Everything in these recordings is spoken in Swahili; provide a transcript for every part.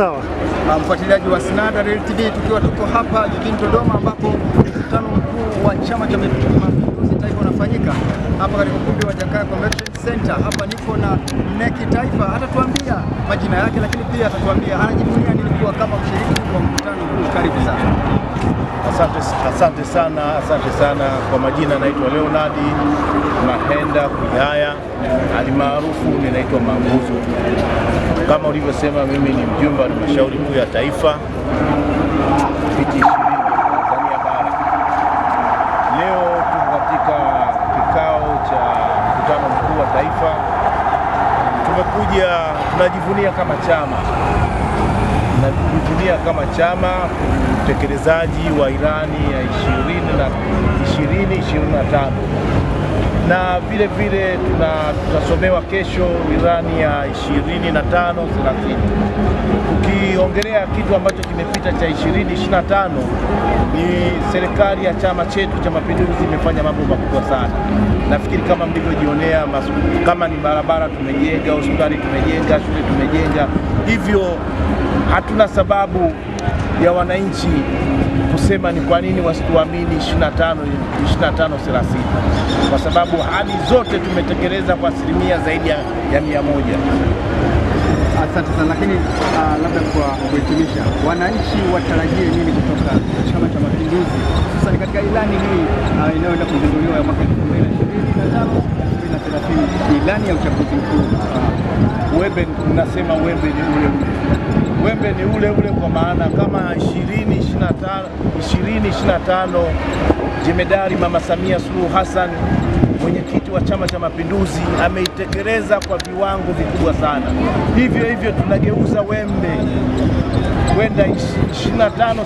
Sawa, ah, mfuatiliaji wa Sinada Real TV, tukiwa tuko hapa jijini Dodoma ambapo mkutano mkuu wa Chama cha Mapinduzi Taifa unafanyika hapa katika ukumbi wa Jakaya Convention Center. Hapa niko na neki taifa, atatuambia majina yake, lakini pia atatuambia anajivunia nini kuwa kama mshiriki wa mkutano huu. Karibu sana. Asante, asante sana, asante sana kwa majina, naitwa Leonardi Mahenda Kuihaya alimaarufu ninaitwa Manguzo. Kama ulivyosema, mimi ni mjumbe wa halmashauri kuu ya taifa viti ishirini Tanzania bara. Leo tuko katika kikao cha mkutano mkuu wa taifa, tumekuja tunajivunia kama chama na kujivunia kama chama utekelezaji wa irani ya 2025 20, na vile vile tutasomewa kesho ilani ya 25 30 kuongelea kitu ambacho kimepita cha 2025 ni serikali ya chama chetu cha Mapinduzi imefanya mambo makubwa sana. Nafikiri kama mlivyojionea, kama ni barabara tumejenga, hospitali tumejenga, shule tumejenga, hivyo hatuna sababu ya wananchi kusema ni kwa nini wasituamini 25 25 30, kwa sababu hali zote tumetekeleza kwa asilimia zaidi ya mia moja. Asante sana, lakini uh, labda kwa kuhitimisha, wananchi watarajie nini kutoka Chama cha Mapinduzi hususani katika ilani hii uh, inayoenda kuzinduliwa ya mwaka 2025 ilani ya uchaguzi mkuu? Ah, wembe tunasema wembe ni ule ule, wembe ni ule ule, kwa maana kama 20 25 20 25 jemedari Mama Samia Suluhu Hassan mwenyekiti wa Chama cha Mapinduzi ameitekeleza kwa viwango vikubwa sana. Hivyo hivyo tunageuza wembe kwenda 25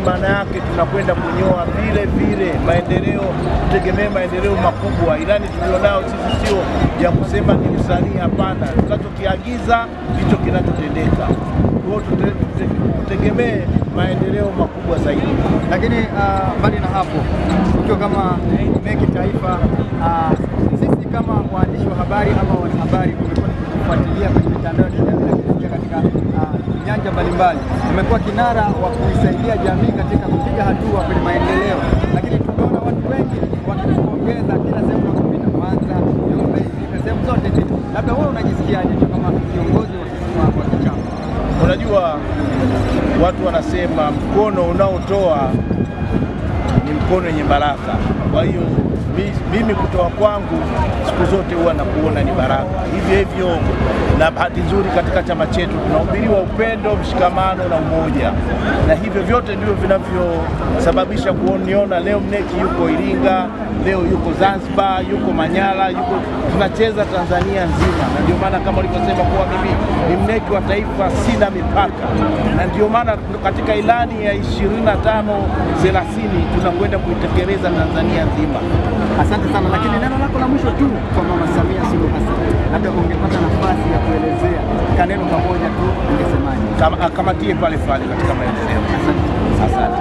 30, maana yake tunakwenda kunyoa vile vile maendeleo, tutegemee maendeleo makubwa. Ilani tulionao sisi sio ya kusema ni usanii, hapana. Tunachokiagiza ndicho kinachotendeka tutegemee maendeleo makubwa zaidi. Lakini ah, mbali uh, na hapo, ukiwa kama meki taifa uh, sisi kama waandishi wa habari ama wanahabari tumekuwa kwenye mitandao ya katika uh, nyanja mbalimbali, umekuwa kinara wa kuisaidia jamii katika kupiga hatua kwenye maendeleo, lakini tunaona watu wengi wakipongeza kila sehemu wanapopita, kwanza sehemu zote. Labda wewe unajisikiaje kama kiongozi wa wa kichama? Unajua, watu wanasema mkono unaotoa ni mkono wenye baraka, kwa hiyo mimi kutoa kwangu siku zote huwa nakuona ni baraka. Hivyo hivyo, na bahati nzuri katika chama chetu tunahubiriwa upendo, mshikamano na umoja, na hivyo vyote ndivyo vinavyosababisha kuoniona leo Mneki yuko Iringa, leo yuko Zanzibar, yuko Manyara, yuko tunacheza Tanzania nzima, na ndio maana kama ulivyosema kuwa mimi ni Mneki wa taifa, sina mipaka, na ndio maana katika ilani ya 25 30 tunakwenda kuitekeleza Tanzania nzima. Asante sana, lakini neno lako la mwisho tu kwa Mama Samia Suluhu Hassan, labda ungepata nafasi ya kuelezea kaneno pamoja tu, ungesemaje? Kama, kamatie pale pale katika maendeleo. Asante. Asante.